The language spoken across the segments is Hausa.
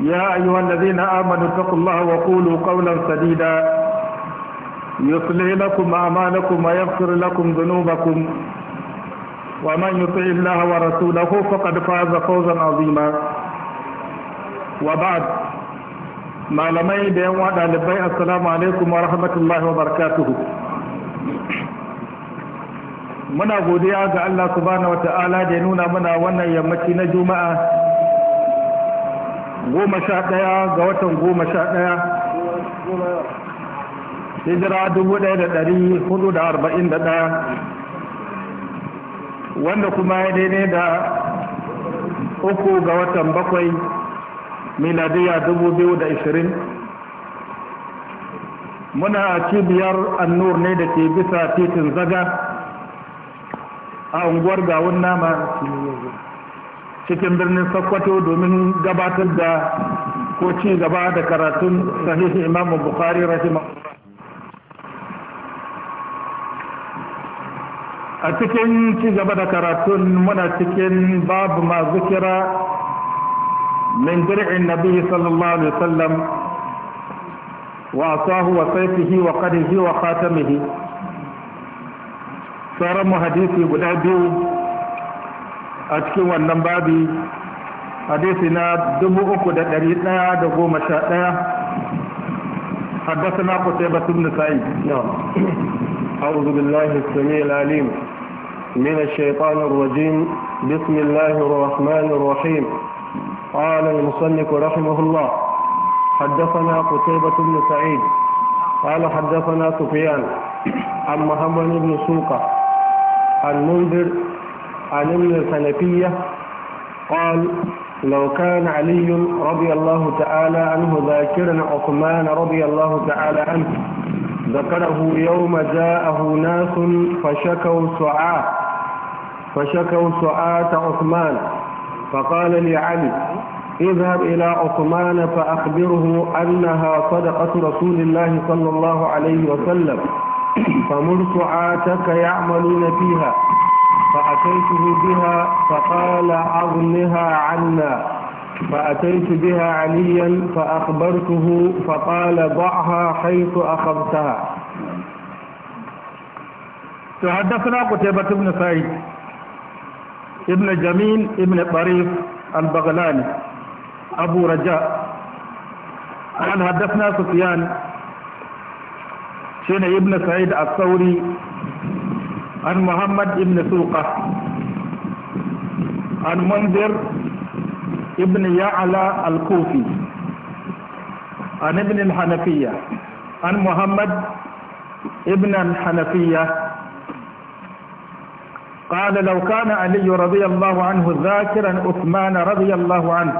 يا أيها الذين آمنوا اتقوا الله وقولوا قولا سديدا يصلح لكم أعمالكم ويغفر لكم ذنوبكم ومن يطع الله ورسوله فقد فاز فوزا عظيما وبعد ما لمي بين وعد لبي السلام عليكم ورحمة الله وبركاته muna godiya ga Allah subhanahu wata'ala da ya nuna mana wannan yammaci na juma'a goma sha ɗaya ga watan goma sha ɗaya hijira dubu ɗaya da ɗari hudu da arba'in da ɗaya wanda kuma ya daidai da uku ga watan bakwai miladiya dubu biyu da ishirin muna cibiyar annur ne da ke bisa titin zaga a unguwar gawun nama cikin birnin sokoto domin gabatar da ko ci gaba da karatun sahihi imam bukhari rahima a cikin ci gaba da karatun muna cikin babu ma zikira من درع النبي صلى الله عليه وسلم وعصاه وسيفه وقده وخاتمه mu hadisi guda biyu. a cikin wannan babi hadisi na 3111 حدثنا قتيبة بن سعيد نعم أعوذ بالله السميع العليم من الشيطان الرجيم بسم الله الرحمن الرحيم قال المصنف رحمه الله حدثنا قتيبة بن سعيد قال حدثنا سفيان عن محمد بن سوقة عن منذر عن السلفية قال لو كان علي رضي الله تعالى عنه ذاكرا عثمان رضي الله تعالى عنه ذكره يوم جاءه ناس فشكوا سعاة فشكوا سعاة عثمان فقال لعلي اذهب إلى عثمان فأخبره أنها صدقة رسول الله صلى الله عليه وسلم فمر سعاتك يعملون فيها فأتيته بها فقال أغنها عنا فأتيت بها عليا فأخبرته فقال ضعها حيث أخذتها تحدثنا قتيبة بن سعيد ابن جميل ابن طريف البغلاني أبو رجاء أنا حدثنا سفيان شين ابن سعيد الثوري عن محمد بن سوقة عن منذر ابن يعلى الكوفي عن ابن الحنفية عن محمد ابن الحنفية قال لو كان علي رضي الله عنه ذاكرا عثمان رضي الله عنه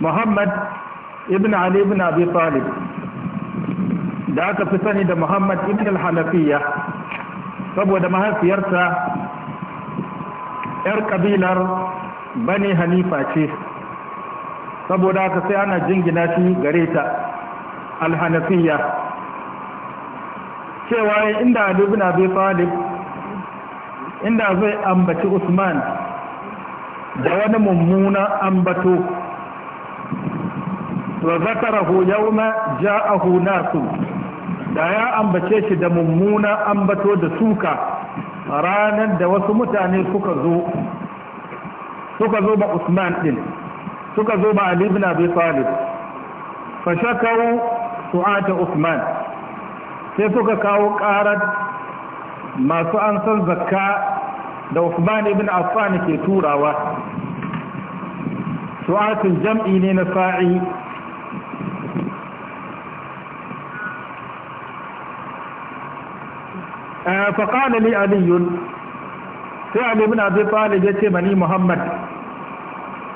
محمد ابن علي بن أبي طالب da aka fi sani da muhammad ibn al saboda mahaifiyarsa yar kabilar bani hanifa ce saboda aka sai ana jingina shi gare ta al cewa inda Ali ibn Abi Talib inda zai ambaci Usman da wani mummuna ambato wa zakarahu yawma ja'ahu nasu da ya ambace shi da mummuna ambato da suka ranar da wasu mutane suka zo suka zo ba Usman din suka zo ba Ali ibn Abi Talib fa shakaru su'ata Usman sai suka kawo karar masu an san zakka da Usman ibn Affan ke turawa su'atul jam'i ne na sa'i Eh, fa qala aliyun sai ali ibn abi ya ce mani muhammad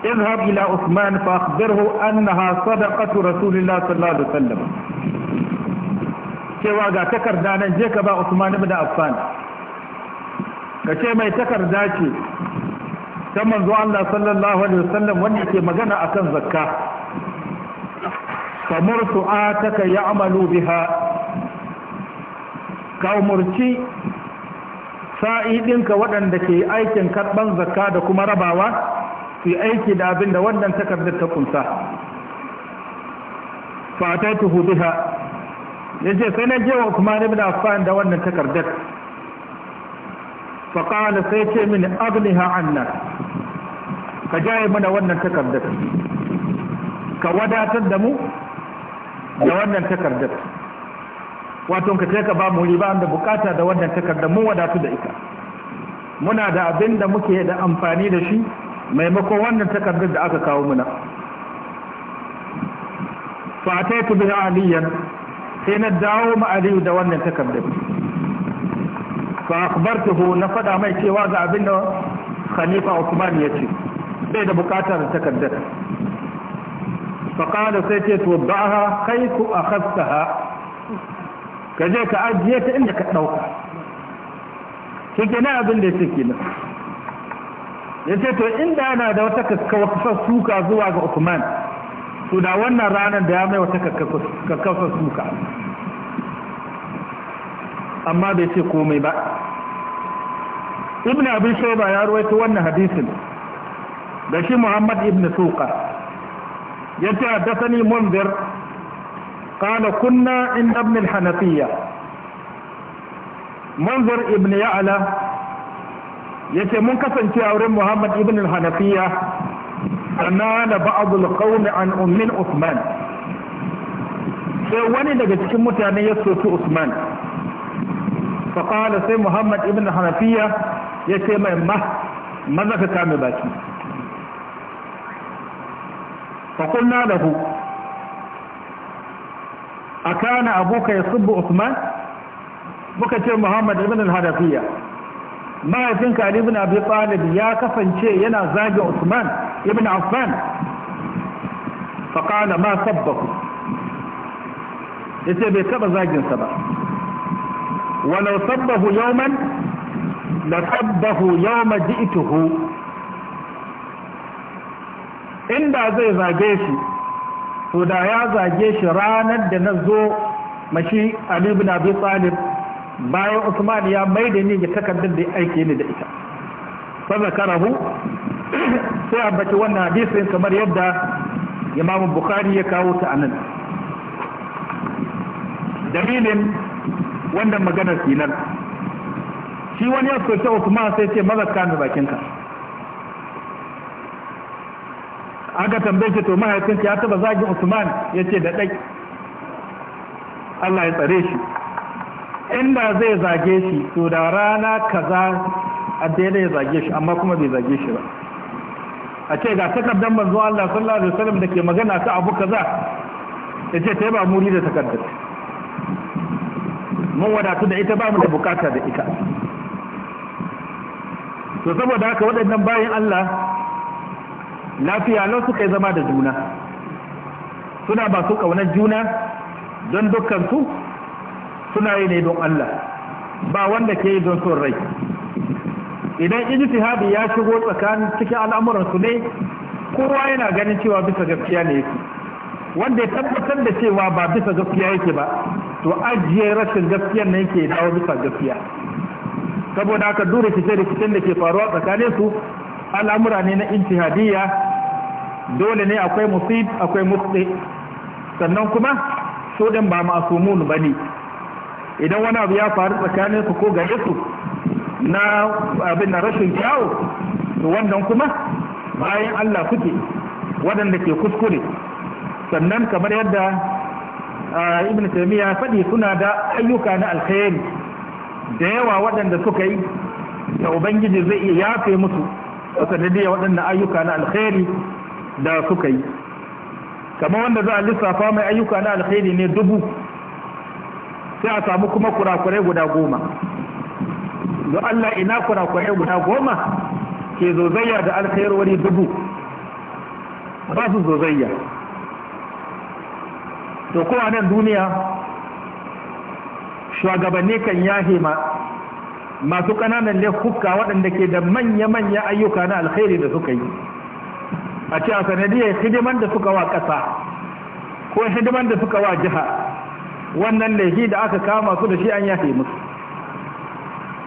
اذهب إلى عثمان Usman أنها صدقة رسول الله rasulillah الله عليه وسلم cewa ga takarda nan je ka ba Usman ibn Affan ka ce mai takarda ce ta manzo Allah sallallahu alaihi wasallam wanda ke magana akan zakka famur su'ataka ya'malu biha ka umarci sa'i ɗinka waɗanda ke aikin karɓar zakka da kuma rabawa su aiki da abin da wannan takardar ta kunsa ta hudu ha, ya ce sai na jewa kuma ibn fa'in da wannan takardar faƙala sai ce min ha anna ka jaye mana wannan takardar ka wadatar da mu da wannan takardar wato ka ka ba mu riba da bukata da wannan takardar mun wadatu da ita muna da abin da muke da amfani da shi maimakon wannan takardar da aka kawo muna fa ku bi aliyan sai na dawo ma aliyu da wannan takardar fa akhbartuhu na fada mai cewa ga abin da khalifa Usman ya ce bai da bukatar takardar fa qala sai ce to ba'aha kai ku akhadtaha ka je ka ajiye ta inda ka ɗauka shi ke na abin da ya ce ke nan ya ce to inda yana da wata kakkafa suka zuwa ga Usman to da wannan ranar da ya mai wata kakkafa suka amma bai ce komai ba ibn abin shaiba ya ruwaito wannan hadisin da shi muhammad ibn suka ya ce haddasa ni munzir قال كنا عند ابن الحنفية منظر ابن يعلى yace mun kasance auren Muhammad ibn al-Hanafiya sanana ba'dul qawm an ummin Uthman sai wani daga cikin mutane ya soki Usman fa sai Muhammad ibn al yace mai ma maza ka kame baki fa qulna lahu A akana abuka yasubbu usman muka ce muhammad ibn al-hadafiya mahaifinka ali ibn abi talib ya kasance yana zagin usman ibn affan fa kana ma sabbaku yace bai taba zagin sa ba walau sabbahu yawman la sabbahu yawma ji'tuhu inda zai zage shi to da ya zage shi ranar da na zo mashi Ali ibn Abi Talib bayan Usman ya mai da ni ga takardar da aike ni da ita fa karahu sai ambaci wannan hadisin kamar yadda Imam Bukhari ya kawo ta anan dalilin wannan maganar sinan shi wani ya soke Usman sai ce mazaka bakinka aka tambaye shi to mahaifin ya taba zagin usman ya ce da ɗai allah ya tsare shi inda zai zage shi to da rana kaza a daidai ya zage shi amma kuma bai zage shi ba a ce ga takardar manzo Allah sallallahu alaihi wasallam da ke magana ta abu kaza ya ce ta ba muri da takardar mun wadatu da ita ba mu da bukata da ita to saboda haka waɗannan bayan Allah lafiya lau suka yi zama da juna suna ba su ƙaunar juna don su suna yi ne don Allah ba wanda ke yi don son rai idan ijtihadi ya shigo tsakanin cikin al'amuransu ne kowa yana ganin cewa bisa gaskiya ne yake wanda ya tabbatar da cewa ba bisa gaskiya yake ba to ajiye rashin gaskiya ne yake dawo bisa gaskiya saboda haka duk rikice-rikicen da ke faruwa tsakanin su al'amura ne na intihadiyya dole ne akwai musib akwai mutse sannan kuma su din ba masumun bane idan wani abu ya faru tsakanin su ko gare su na abin da rashin kyawu to wannan kuma bayan Allah kuke waɗanda ke kuskure sannan kamar yadda ibn taymiya faɗi suna da ayyuka na alkhairi da yawa waɗanda suka yi da ubangiji zai iya yafe musu sanadiyya waɗannan ayyuka na alkhairi da suka yi kamar wanda za a lissafa mai ayyuka na alkhairi ne dubu sai a samu kuma kurakurai guda goma don Allah ina kurakurai guda goma ke zozayya da wani dubu ba su zozayya to kowa nan duniya shugabanni kan yahe ma masu ƙananan laifuka waɗanda ke da manya-manya ayyuka na alkhairi da suka yi a ce a sanadiyar hidiman da suka wa ƙasa ko hidiman da suka wa jiha wannan laifi da aka kama su da shi an yafe musu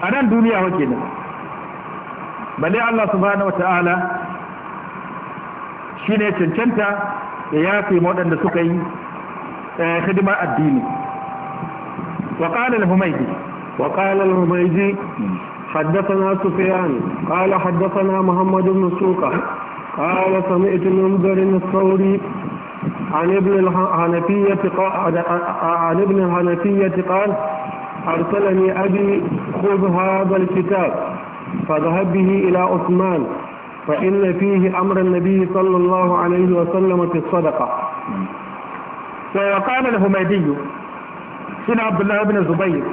a nan duniya wake nan bale Allah subhanahu Ta'ala shi ne cancanta ya yafe waɗanda suka yi eh, hidimar addini وقال الهميدي وقال الهميدي حدثنا سفيان قال حدثنا محمد بن سوقة قال سمعت المنذر الثوري عن ابن الحنفية قال عن ابن الحنفية قال أرسلني أبي خذ هذا الكتاب فذهب به إلى عثمان فإن فيه أمر النبي صلى الله عليه وسلم في الصدقة فقال الهميدي سيدنا عبد الله بن زبير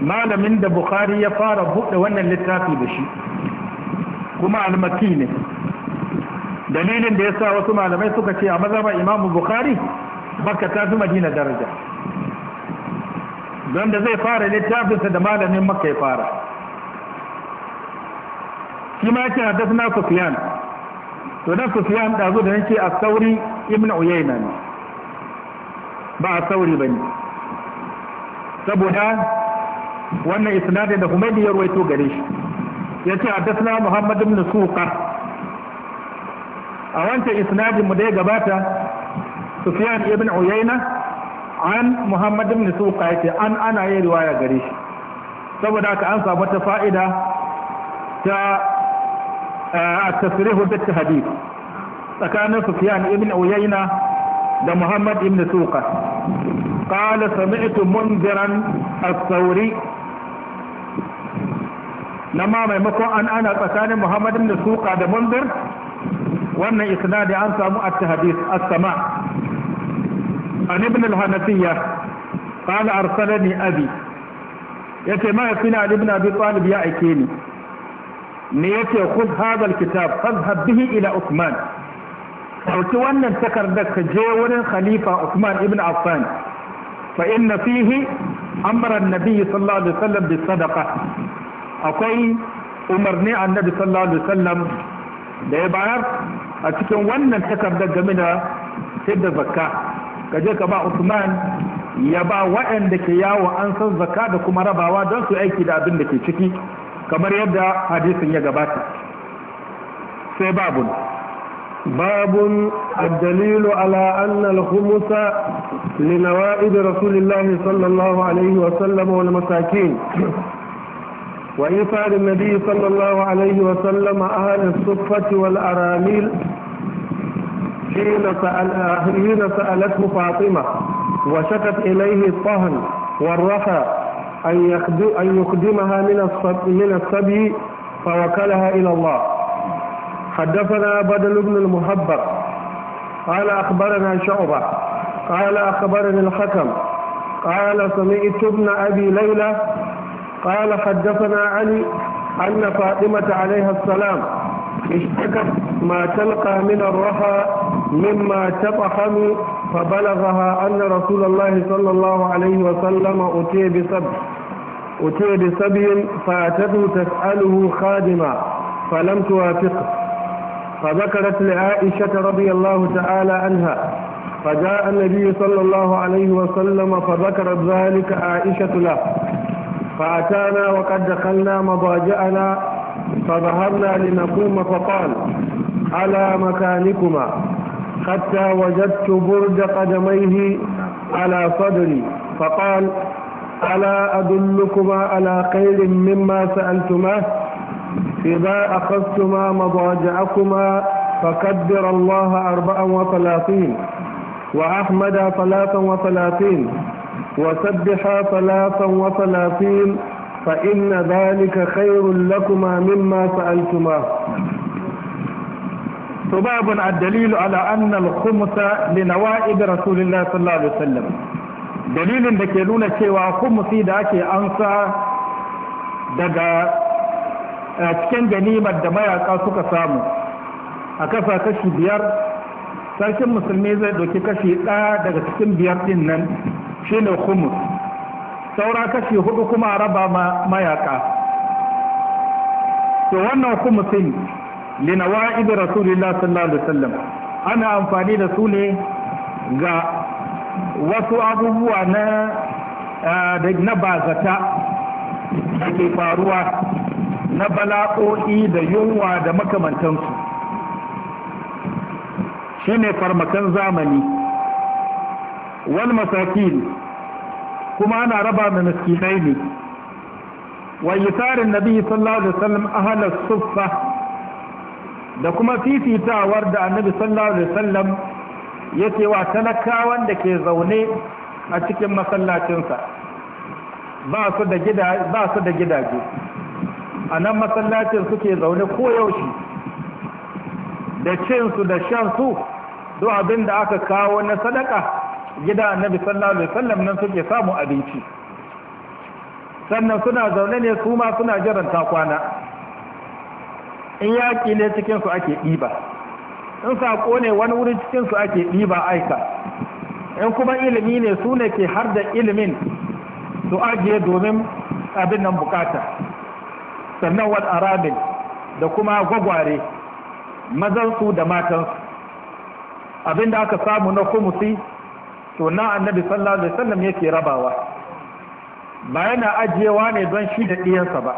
ما لم bukhari بخاري fara buɗe wannan littafi بشي shi kuma almaki dalilin da ya sa wasu malamai suka ce a mazaba imamu bukhari makka ta fi madina daraja don da zai fara littafinsa da malamin makka ya fara shi ma yake haddasa sufyan to nan sufyan ɗazu da nake a sauri ibn uyayna ne ba a sauri ba ne saboda wannan isnadin da kuma ya ruwaito gare shi ya ce haddasa muhammad ibn suqa a wancan isnadin mu da gabata Sufyan ibn Uyayna an Muhammad ibn Suqa yake an ana yi riwaya gare shi saboda haka an samu ta fa'ida ta eh, at-tasrihu bit hadith tsakanin Sufyan ibn Uyayna da Muhammad ibn Suqa qala sami'tu munziran as-sawri na ma maimakon an ana tsakanin Muhammad ibn Suqa da Munzir wannan isnadi an samu at-tahdith as-sama an ibn al-hanafiyya qala arsalani abi yace ma mahaifina ibn abi talib ya aike ni ne yace khudh hadha al-kitab fadhhab bihi ila Uthman ɗauki wannan takarda ka je wurin khalifa Uthman ibn Affan fa inna fihi amara annabi sallallahu alaihi wasallam bi sadaqa akwai umarni annabi sallallahu alaihi wasallam da ya bayar a cikin wannan takardar game da fidda zakka ka je ka ba Usman ya ba waɗanda ke yawo an san zakka da kuma rabawa don su aiki da abin da ke ciki kamar yadda hadisin ya gabata sai babun babun الدليل Rasulillah Sallallahu alaihi wa رسول الله صلى Wa عليه وسلم والمساكين Sallallahu النبي صلى الله عليه وسلم أهل الصفة aramil. حين, سأل حين سألته فاطمة وشكت إليه الطهن والرخاء أن, أن يخدمها من من الصبي فوكلها إلى الله حدثنا بدل بن المهبر قال أخبرنا شعبة قال أخبرني الحكم قال سمعت ابن أبي ليلى قال حدثنا علي أن فاطمة عليها السلام اشتكت ما تلقى من الرخى مما تطحن فبلغها أن رسول الله صلى الله عليه وسلم أتي بسب أتي بسبي فأتته تسأله خادما فلم توافقه فذكرت لعائشة رضي الله تعالى عنها فجاء النبي صلى الله عليه وسلم فذكرت ذلك عائشة له فأتانا وقد دخلنا مضاجعنا فظهرنا لنقوم فقال على مكانكما حتى وجدت برج قدميه على صدري فقال ألا أدلكما على خير مما سألتماه إذا أخذتما مضاجعكما فكبر الله أربعا وثلاثين وأحمد ثلاثا وثلاثين وسبح ثلاثا وثلاثين فإن ذلك خير لكما مما سألتماه فباب الدليل على أن الخمس لنوائب رسول الله صلى الله عليه وسلم dalilin da ke nuna cewa humusi da ake ansa daga cikin ganimar da mayaka suka samu a kasa kashi biyar sarkin musulmi zai ɗauki kashi ɗaya daga cikin biyar ɗin nan shine humus saura kashi huɗu kuma a raba mayaka to wannan humusin li nawa'id rasulillah sallallahu alaihi wasallam ana amfani da su ne ga wasu abubuwa na na bazata da ke faruwa na bala'o'i da yunwa da makamantansu shine farmakan zamani wal masakin kuma ana raba da miskinai ne wa yisarin nabi sallallahu alaihi wasallam ahla suffa da kuma fifitawar da annabi sallallahu alaihi wasallam yake wa talakawan da ke zaune a cikin masallacinsa ba su da gida ba su da gidaje a nan masallacin suke zaune ko yaushe da cinsu da shansu duk abin da aka kawo na sadaka gida annabi sallallahu alaihi wasallam nan suke samu abinci sannan suna zaune ne su ma suna jiran kwana. in yaƙi ne cikinsu ake ɗiba in saƙo ne wani wurin cikinsu ake ɗiba aika in kuma ilimi ne su ne ke har da ilimin su ajiye domin abin nan bukata sannan wani arabin da kuma gwagware mazansu da matansu abin da aka samu na kumusi to na annabi sallallahu alaihi wasallam yake rabawa ba yana ajiyewa ne don shi da ɗiyansa ba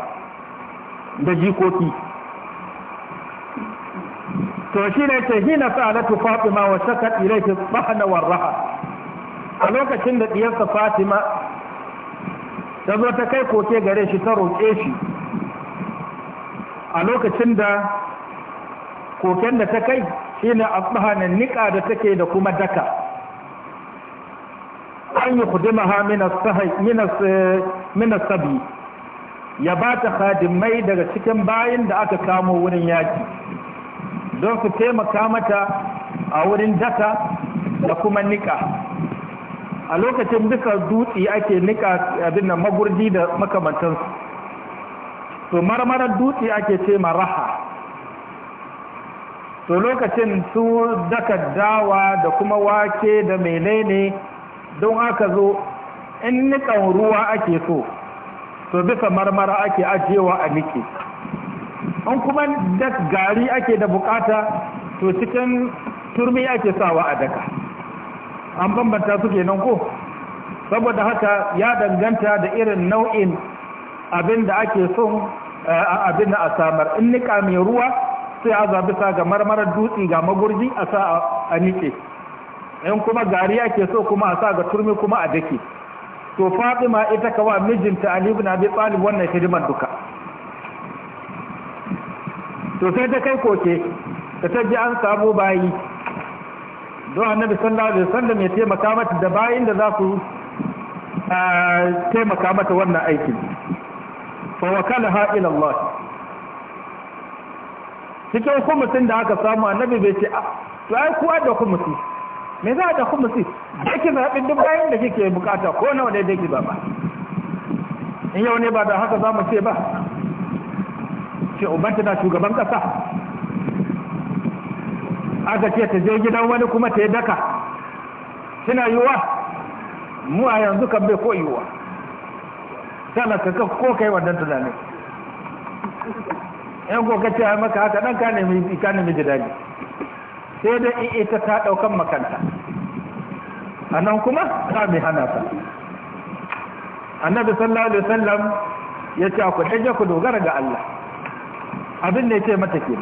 da jikoki to shi ne ce hina sa'alatu fatima wa shakat ilayhi dhahna wa raha a lokacin da diyarsa fatima ta zo ta kai koke gare shi ta roƙe shi a lokacin da koken da ta kai shi ne asbahana niƙa da take da kuma daka an yi kudimaha minas sabi ya ba ta khadimai daga cikin bayan da aka kamo wurin yaki don su taimaka mata a wurin daka da kuma nika a lokacin duka dutse ake nika abin nan magurdi da makamantansu to marmarar dutse ake ce raha to lokacin su daka dawa da kuma wake da menene don aka zo in nikan ruwa ake so to bisa marmara ake ajiyewa a nike an kuma da gari ake da bukata to cikin turmi ake sawa a daka an bambanta su kenan ko saboda haka ya danganta da irin nau'in abin da ake son eh, abin a samar in nika mai ruwa sai a zabi sa ga marmarar dutse ga magurji a sa a nike in kuma gari ake so kuma a sa ga turmi kuma a dake to fatima ita kawa mijinta ali na abi talib wannan hidimar duka to sai ta kai koke da ta ji an samu bayi don annabi sallallahu alaihi wasallam ya taimaka mata da bayin da za su taimaka mata wannan aikin fa ha ila Allah cikin kumusin da aka samu annabi bai ce ah, to ai kuwa da kumusi me za da kumusi yake zaɓin duk bayan da kike bukata ko nawa ne da ba zaɓa in yau ne ba da haka za mu ce ba ce ubanta na shugaban kasa aka ce ta je gidan wani kuma ta yi daka suna yiwa mu a yanzu kan bai ko yiwa sana ka ko kai wannan tunanin yan koka ce maka haka dan ka nemi ka nemi jidali sai da in ita ta daukan makanta anan kuma ta mai hana ta annabi sallallahu alaihi wasallam yace ku hajja ku dogara ga Allah أبن da yake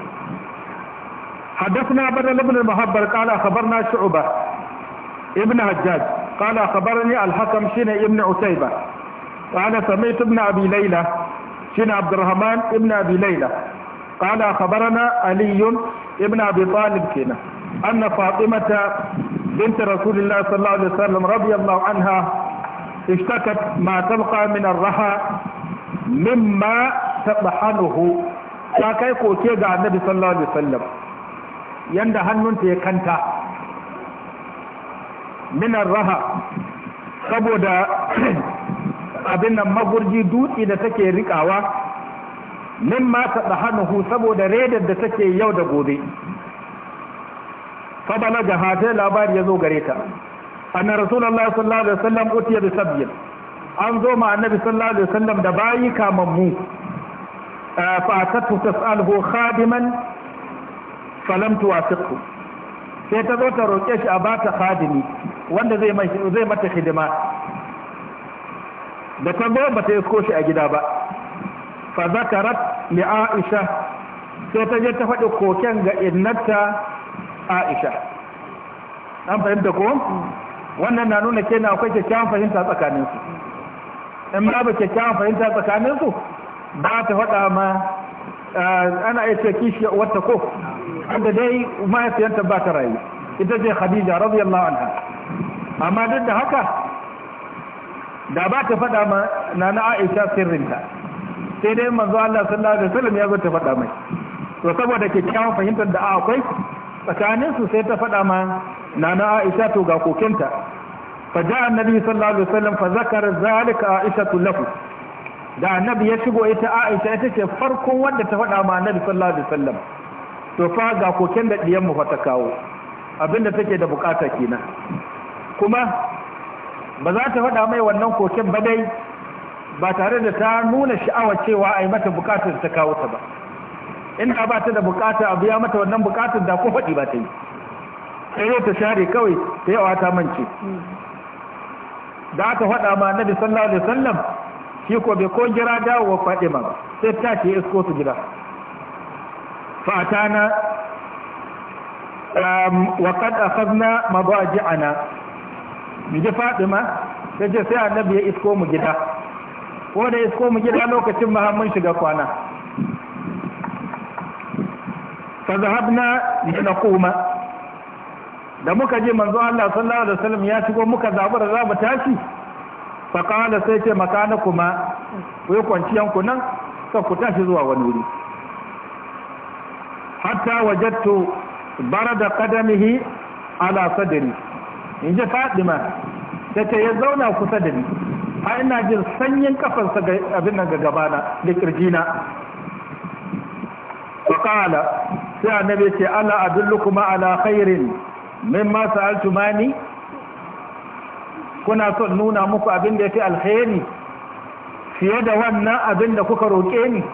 حدثنا بدل بن المحبر قال أخبرنا شعبة ابن حجاج قال أخبرني الحكم شين ابن عتيبة قال سميت ابن أبي ليلى شين عبد الرحمن ابن أبي ليلى قال أخبرنا علي ابن أبي طالب كنا أن فاطمة بنت رسول الله صلى الله عليه وسلم رضي الله عنها اشتكت ما تلقى من الرحى مما تطحنه ta kai koke ga annabi sallallahu alaihi wasallam yanda hannunta ya kanta minar raha saboda abin nan magurji dutse da take rikawa min ma ta hannu saboda redar da take yau da gobe fa balaga hata labari ya zo gare ta anna rasulullahi sallallahu alaihi wasallam utiya bi sabyin an zo ma annabi sallallahu alaihi wasallam da bayi kamammu mu fa'atatu tas'aluhu khadiman falam tuwasiqhu sai ta zo ta roƙe shi a bata khadimi wanda zai mata hidima da ta zo ba ta yi shi a gida ba fa zakarat li Aisha sai ta je ta faɗi koken ga innata Aisha an fahimta ko wannan na nuna kenan akwai kyakkyawan fahimta tsakaninsu in ba kyakkyawan fahimta tsakaninsu ba ta faɗa ma eh, ana iya ce kishi wata ko inda dai mahaifiyanta ba ta rayu ita ce khadija radiyallahu anha amma duk da haka da ba ta faɗa ma na na aisha sirrinta sai dai manzo Allah sallallahu alaihi wasallam ya zo ta faɗa mai to saboda kyakkyawan fahimtar da akwai tsakanin su sai ta faɗa ma na na aisha to ga kokinta fa ja annabi sallallahu alaihi wasallam fa zakara zalika aisha lahu da annabi ya shigo ita Aisha ita ce farko wanda ta faɗa ma annabi sallallahu alaihi wasallam to fa ga koken da diyan mu fa ta kawo abinda take da bukata kenan kuma ba za ta faɗa mai wannan koken ba dai ba tare da ta nuna sha'awa cewa ai mata bukatar ta kawo ta ba in ba ta da bukata abu ya mata wannan bukatar da ko faɗi ba ta yi sai ta share kawai ta yawa ta mance da aka faɗa ma annabi sallallahu alaihi wasallam shi ko bai ko jira dawowa Fatima ba sai ta ce isko su gida na um, wa kad akhadna mabaji'ana mu ji Fatima sai ce sai annabi ya isko mu gida ko da isko mu gida lokacin muhammin shiga kwana fa zahabna linaquma da muka je manzo Allah sallallahu alaihi wasallam ya shigo muka zabu da mu tashi faƙala sai ce makana kuma kuyi kwanciyanku nan kan ku tashi zuwa wani wuri hatta wajattu bara da ƙadamihi ala sadari in ji fadima da ta ya zauna kusa da ni ina jin sanyin kafarsa ga abin nan ga gabana da kirjina faƙala sai annabi ce ala adullu kuma ala khairin mimma sa'altumani kuna son nuna muku abin da ya fi alheri, fiye da wannan abin da kuka roƙe ni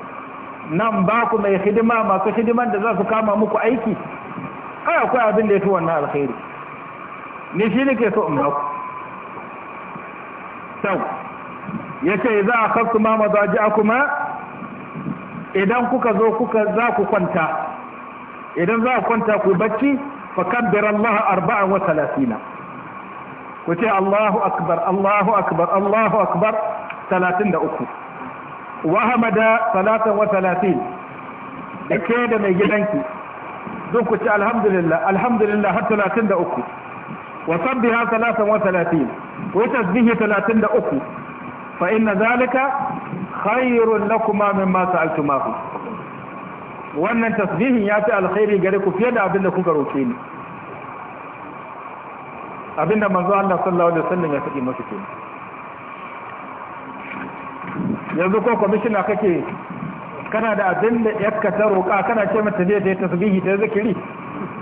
nan ba ku mai hidima masu hidiman da za su kama muku aiki ai akwai abin da ya fi wannan alheri. ni shi nake so in baku sau ya ce za a kasu ma mazaji kuma idan kuka zo kuka za ku kwanta idan za ku kwanta ku bacci fa kabbir Allah arba'an wa talatina ku ce Allahu akbar Allahu akbar Allahu akbar 33 wa hamada salatan wa salatin da ke da mai gidanki duk ku ce alhamdulillah alhamdulillah har 33 wa sabbiha salatan wa salatin wa tasbihi 33 fa inna zalika khairun lakuma mimma sa'altumahu wannan tasbihin ya fi alkhairi gare ku fiye da abin da kuka roke ni abinda manzo Allah sallallahu alaihi wasallam ya faɗi maka ke yanzu ko kwamishina kake kana da abin da yakka ta roƙa kana ce mata je ta tasbihi ta zikiri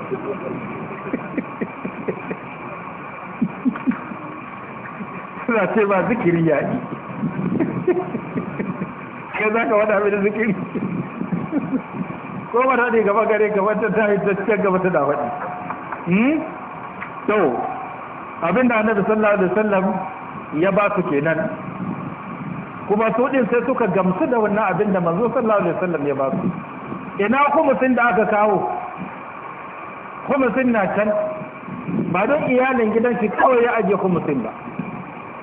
suna ce ba zikiri ya yi ka za ka wada abin da zikiri ko ba ta ne gaba gare gaba ta ta yi ta cikin gaba ta da waɗi hmm? to abinda annabi sallallahu alaihi wasallam ya ba su kenan kuma su din sai suka gamsu da wannan abin da manzo sallallahu alaihi wasallam ya ba su ina khumusin da aka kawo khumusin na can ba don iyalin gidan shi kawai ya ajiye khumusin ba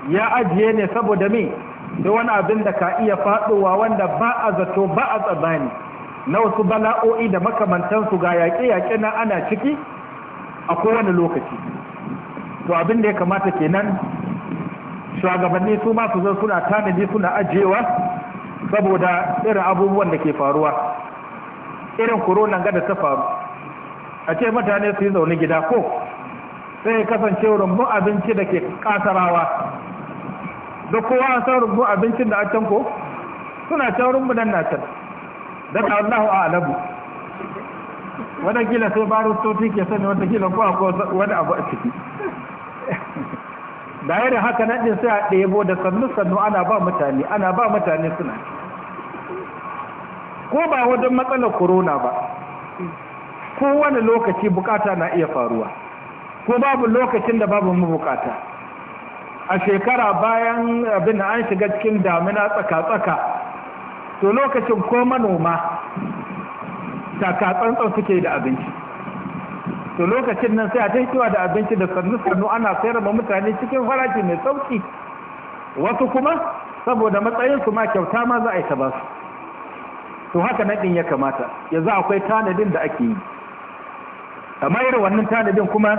ya ajiye ne saboda me da wani abin da ka iya faɗowa wanda ba a zato ba a tsabani na wasu bala'o'i da makamantansu ga yaƙe-yaƙe na ana ciki a kowane lokaci to abin da ya kamata kenan shugabanni su ma su zo suna tanadi suna ajiyewa saboda irin abubuwan da ke faruwa irin koronan gada ta faru a ce mutane su yi zaune gida ko sai kasance rumbu abinci da ke kasarawa da kowa a san rumbu abincin da a can ko suna can rumbu nan na can don Allah a alabu wadda gila sai baristoti ke sani wadda gila ko wani abu a ciki Da da haka nan din sai a ɗebo da sannu sannu ana ba mutane ana ba mutane suna ko ba wajen matsalar korona ba ko Wani lokaci bukata na iya faruwa ko babu lokacin da babu bukata a shekara bayan abin an shiga cikin damina tsaka-tsaka to lokacin ko manoma tsaka tsantsan suke da abinci to lokacin nan sai a ta da abinci da sannu sannu ana sayar da mutane cikin farashi mai sauki wasu kuma saboda matsayin su ma kyauta ma za a yi ta su to haka nan din ya kamata yanzu akwai tanadin da ake yi amma irin wannan tanadin kuma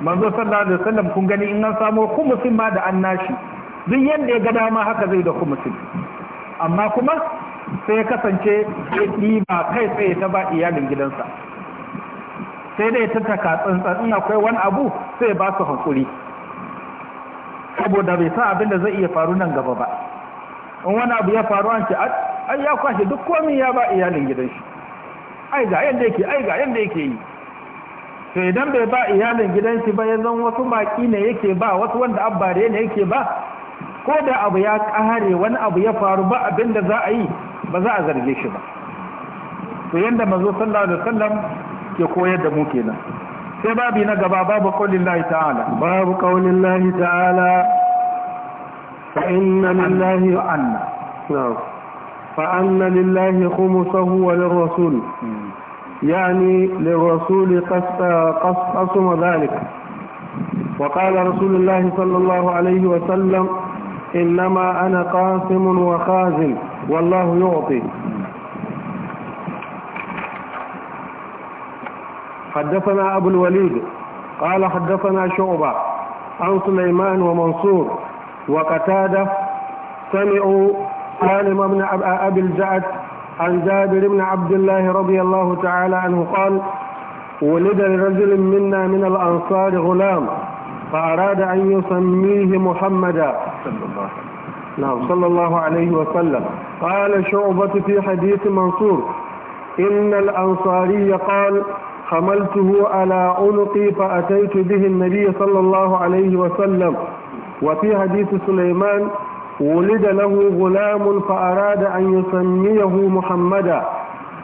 manzo sallallahu alaihi wasallam kun gani in an samu kumusin ma da annashi duk yanda ya ga dama haka zai da kumusin amma kuma sai ya kasance ya ɗiba kai tsaye ta ba iyalin gidansa sai dai ta taka tsantsan akwai wani abu sai ba su hankuri saboda bai sa abin da zai iya faru nan gaba ba in wani abu ya faru an ce ai ya kwashe duk komi ya ba iyalin gidan shi ai ga yadda yake ai ga yadda yake yi to idan bai ba iyalin gidan shi ba yanzu wasu baki ne yake ba wasu wanda abbare ne yake ba ko da abu ya kare wani abu ya faru ba abin da za a yi ba za a zarge shi ba to yanda mazo sallallahu alaihi wasallam ya koyar da mu kenan sai babi na gaba babu kaulin lahi ta'ala babu kaulin lahi ta'ala fa inna lillahi anna fa anna lillahi khumsahu wa lirrasul yani lirrasul للرسول قسم ذلك wa رسول rasulullahi sallallahu الله عليه وسلم إنما أنا قاسم وخازن والله يعطي حدثنا أبو الوليد قال حدثنا شعبة عن سليمان ومنصور وقتادة سمعوا سالم بن أبي الجعد عن جابر بن عبد الله رضي الله تعالى عنه قال ولد لرجل منا من الأنصار غلام فأراد أن يسميه محمدا نعم صلى الله عليه وسلم قال شعبة في حديث منصور إن الأنصاري قال حملته على عنقي فأتيت به النبي صلى الله عليه وسلم وفي حديث سليمان ولد له غلام فأراد أن يسميه محمدا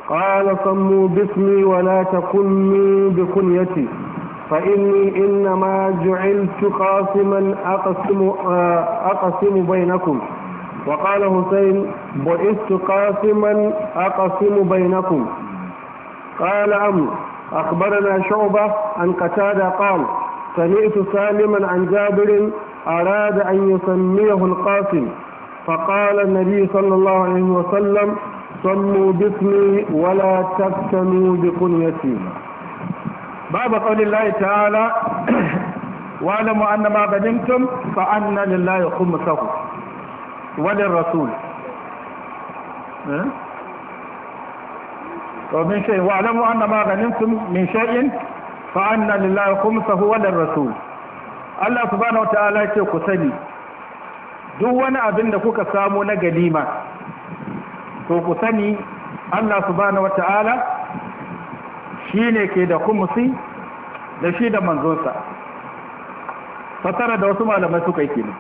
قال صموا باسمي ولا تكني بكنيتي فإني إنما جعلت قاسما أقسم, أقسم بينكم وقال حسين بعثت قاسما أقسم بينكم قال عمرو أخبرنا شعبة عن قتادة قال سمعت سالما عن جابر أراد أن يسميه القاسم فقال النبي صلى الله عليه وسلم صلوا باسمي ولا تفتنوا بكنيتي باب قول الله تعالى واعلموا أن ما بنمتم فأن لله خمسه وللرسول أه؟ ومن شيء واعلموا أن ما غنمتم من شيء فأن لله خمسه وللرسول الله سبحانه وتعالى يقول كسني duk wani abin da kuka samu na galima to ku sani Allah subhanahu wata'ala shi ne ke da kumusi da shi da manzonsa fasara da wasu malamai suka yi ne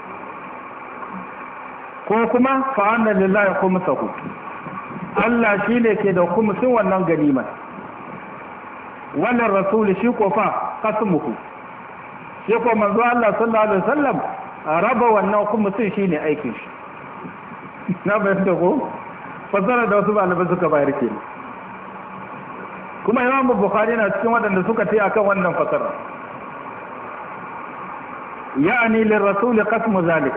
ko kuma fa'annan lillahi kumusahu Allah shi ne ke da kumsin wannan ganimar wannan rasuli shi kofa kasu muku shi ko manzo Allah sallallahu alaihi wasallam raba wannan kumsin shi ne aikin shi na bayan da ko fassara da wasu malamai suka bayar ke kuma imam bukhari na cikin waɗanda suka taya akan wannan fassara ya'ani lirrasul qasmu zalik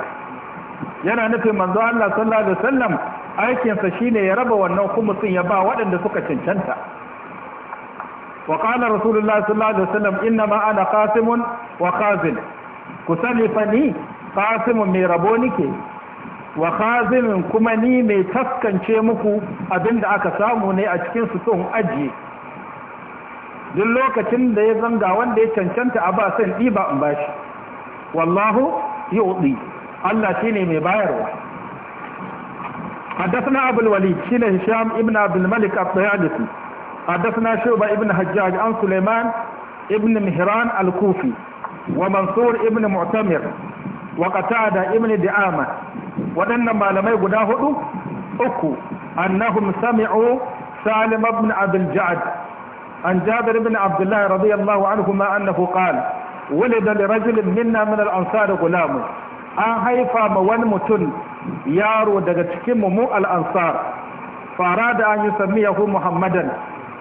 yana nufin manzo Allah sallallahu alaihi wasallam aikinsa shine ya raba wannan kumusin ya ba waɗanda suka cancanta wa qala rasulullahi sallallahu alaihi wasallam inna ma ana qasimun wa khazin ku sani fa ni qasimun mai rabo nike wa kuma ni mai taskance muku abinda aka samu ne a cikin su sun ajiye duk lokacin da ya zanga wanda ya cancanta a ba san ɗiba in bashi wallahu yi Allah shine mai bayarwa حدثنا أبو الوليد شين هشام ابن عبد الملك الطيالسي حدثنا شعبة ابن حجاج عن سليمان ابن مهران الكوفي ومنصور ابن معتمر وقتادة ابن دعامة ودنما لم يقداه أكو أنهم سمعوا سالم بن أبي الجعد عن جابر بن عبد الله رضي الله عنهما أنه قال ولد لرجل منا من الأنصار غلام an haifa ma wani mutum yaro daga cikin mu al'ansar fara da an yi sami yahu muhammadan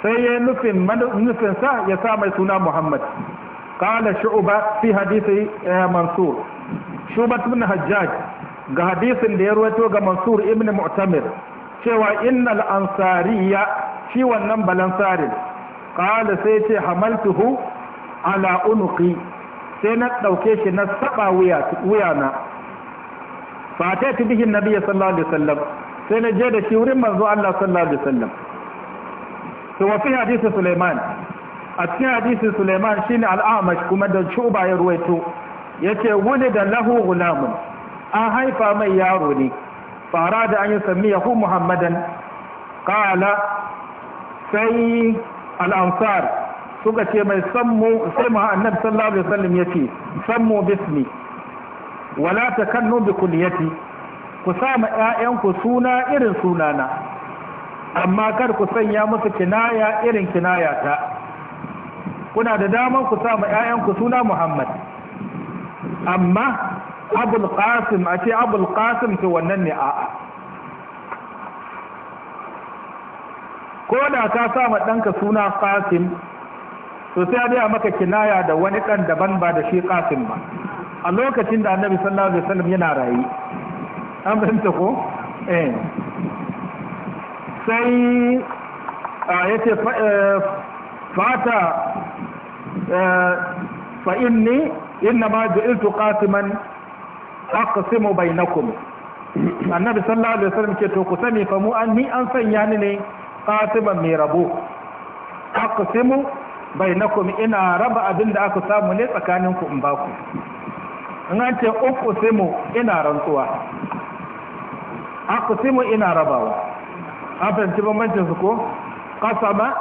sai ya nufin nufinsa ya sa mai suna muhammad kala shu'uba fi hadisi eh, mansur shubat ibn hajjaj ga hadisin da ya ruwato ga mansur ibn mu'tamir cewa innal ansariya shi wannan balansarin kala sai ce hamaltuhu ala unuqi sai na ɗauke shi na saba wuya na fa ta na annabi sallallahu alaihi wasallam sai na je da shi wurin manzo Allah sallallahu alaihi wasallam to wa fi hadisi Sulaiman a cikin hadisi Sulaiman shine al-Amash kuma da shuba ya ruwaito yace wuli da lahu gulamun an haifa mai yaro ne fara da an yi sami yahu Muhammadan Kala sai al suka ce mai sammu sai mu annabi sallallahu alaihi ya ce sammu bismi wala ta takannu bi kunyati ku sa ma ƴaƴanku suna irin sunana amma kar ku sanya musu kinaya irin kinaya ta kuna da damar ku sa ma ƴaƴanku suna Muhammad amma Abul Qasim a ce Abul Qasim to wannan ne a'a ko da ka sa ɗanka suna Qasim to sai a a maka kinaya da wani ɗan daban ba da shi Qasim ba a lokacin da annabi sallallahu alaihi wasallam yana rayu an fahimta ko eh sai ya ce eh, fata eh, fa inni inna ma ja'iltu qatiman aqsimu bainakum annabi sallallahu alaihi wasallam ke to ku sani fa mu an ni an sanya ni ne qatiman mai rabo aqsimu bainakum ina raba abin da aka samu ne tsakaninku in in baku in an ce simu ina rantsuwa simu ina rabawa an fahimci bambancin su ko qasama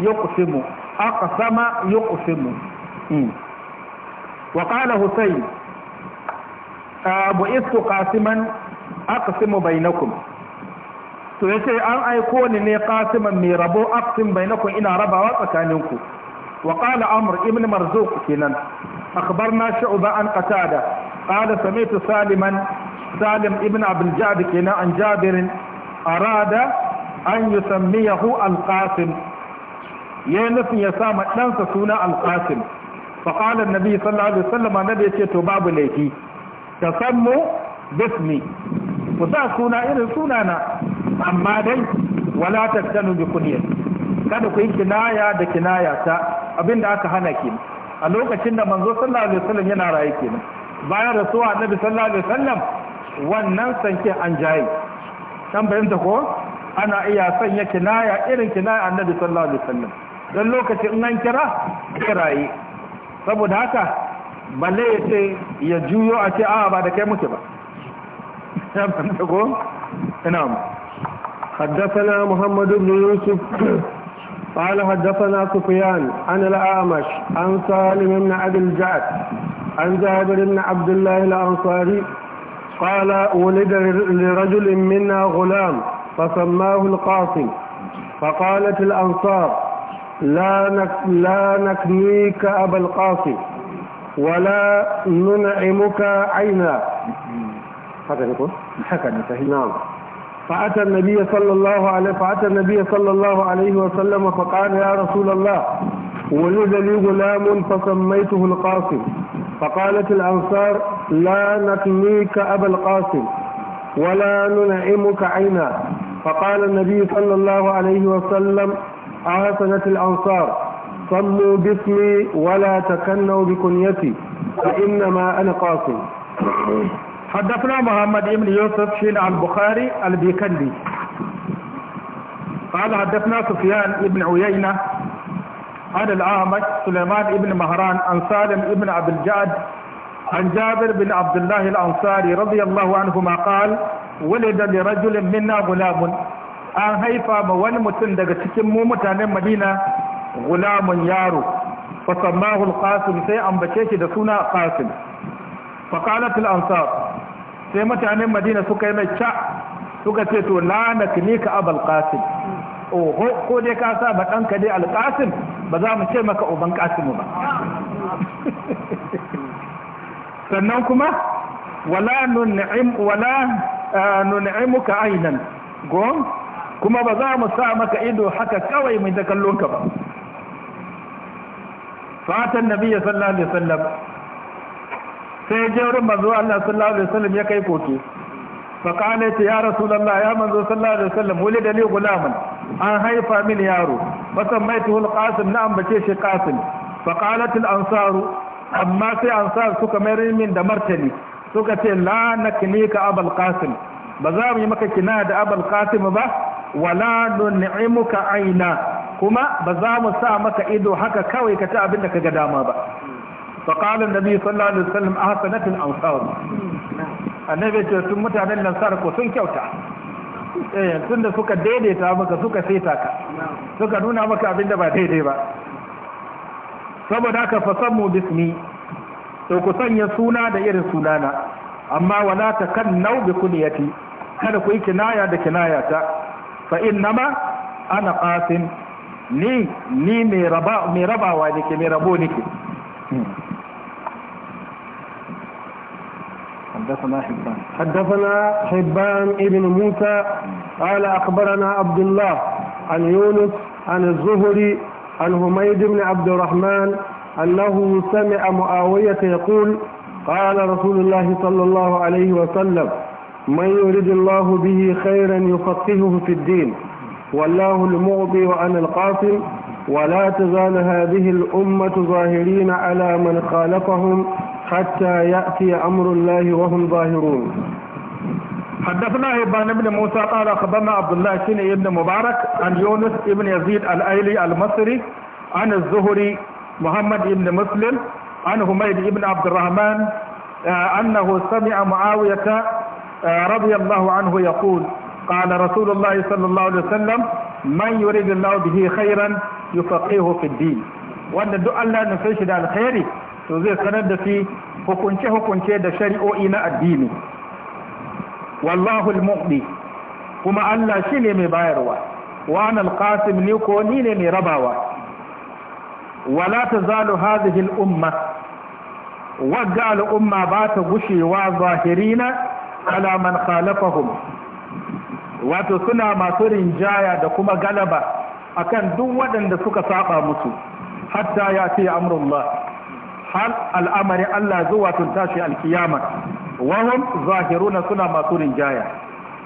yuqsimu aqsama yuqsimu hmm. wa qala husayn bu'istu qasiman aqsimu bainakum to ce an aiko ni ne kasiman mai rabo aqsim bainakum ina rabawa tsakaninku وقال عمرو ابن مرزوق كنان أخبرنا شعبة عن قتادة قال سمعت سالما سالم ابن عبد الجعد كنا عن جابر أراد أن يسميه القاسم ينف يسام ننسى سونا القاسم فقال النبي صلى الله عليه وسلم نبي يشيت باب ليكي تسموا باسمي وسا سونا إذا سونانا أما دي ولا تكتنوا بكنيتي kada ku yi kinaya da kinaya ta abinda aka hana kenan a lokacin da manzo sallallahu alaihi wasallam yana raye kenan bayan rasuwa annabi sallallahu alaihi wasallam wannan sanke an jaye dan ta ko ana iya sanya kinaya irin kinaya annabi sallallahu alaihi wasallam dan lokacin in an kira yi saboda haka balle ya ce ya juyo a ce a ba da kai muke ba ya bayanta ko ina mu حدثنا محمد بن يوسف قال حدثنا سفيان عن الأعمش عن سالم بن أبي الجعد عن جابر بن عبد الله الأنصاري قال ولد لرجل منا غلام فسماه القاسم فقالت الأنصار لا, نك لا نكنيك أبا القاسم ولا ننعمك عينا هكذا يقول هكذا نعم فأتى النبي صلى الله عليه فأتى النبي صلى الله عليه وسلم فقال يا رسول الله ولد لي غلام فسميته القاسم فقالت الأنصار لا نكنيك أبا القاسم ولا ننعمك عينا فقال النبي صلى الله عليه وسلم آسنة الأنصار صموا باسمي ولا تكنوا بكنيتي فإنما أنا قاسم حدثنا محمد بن يوسف شين البخاري البيكندي قال حدثنا سفيان بن عيينة عن الأعمش سليمان بن مهران عن سالم بن عبد الجعد عن جابر بن عبد الله الأنصاري رضي الله عنهما قال ولد لرجل منا غلام أن هيفا ma متندق mutum daga مدينة غلام يارو فسماه القاسم سيئا بشيش دسونا قاسم فقالت الأنصار sai mutanen madina suka yi mai ca suka ce to lanak ne ka abal qasim oho ko dai ka sa ba ɗanka dai alƙasim ba za mu ce maka uban ƙasimu ba sannan kuma wala nun'im wala eh, nun'imuka ainan gon kuma ba za mu sa maka ido haka kawai mai da kallon ka ba fatan nabi sallallahu alaihi wasallam sai je wurin manzo Allah sallallahu alaihi wasallam ya kai koke fa ta ya rasulullah ya manzo sallallahu alaihi wasallam wuli da ni gulamin an haifa min yaro mai Tuhun alqasim na ambace shi qasim fa ansaru amma sai ansar suka mayar min da martani suka ce la naknika abul qasim ba za mu yi maka kina da abul qasim ba wala nun'imuka aina kuma ba za mu sa maka ido haka kawai ka ta abin da ka ga dama ba فقال da biyu الله عليه وسلم a hasanatin النبي ce sun mutanen lansar ko sun kyauta eh tun da suka daidaita maka suka saita ka suka nuna maka abin da ba daidai ba saboda ka fasammu bismi to ku sanya suna da irin sunana amma wala ta kan nau bi kuniyati kada ku yi kinaya da kinayata fa innama ana qasim ni ni mai raba mai rabawa nake mai rabo nake حدثنا حبان حدثنا حبان ابن موسى قال أخبرنا عبد الله عن يونس عن الزهري عن حميد بن عبد الرحمن أنه سمع معاوية يقول قال رسول الله صلى الله عليه وسلم من يريد الله به خيرا يفقهه في الدين والله المعطي وأنا القاسم ولا تزال هذه الأمة ظاهرين على من خالفهم حتى يأتي أمر الله وهم ظاهرون حدثنا ابن بن موسى قال أخبرنا عبد الله بن ابن مبارك عن يونس بن يزيد الأيلي المصري عن الزهري محمد بن مسلم عن حميد بن عبد الرحمن آه، أنه سمع معاوية آه، رضي الله عنه يقول قال رسول الله صلى الله عليه وسلم من يريد الله به خيرا يفقهه في الدين وأن دعا الله نفيش الخير to zai sanar da su hukunce-hukunce da shari'o'i na addini wallahu kuma Allah shi ne mai bayarwa wa ana al ni ko ni ne mai rabawa wala ta zalu al-umma wagga al'umma ba ta gushewa zahirina ala man khalafahum wato suna masu rinjaya da kuma galaba akan duk waɗanda suka saba musu hatta ya ce amrullah har al'amari Allah zuwa tun tashi alkiyama wahum zahiruna suna masu rinjaya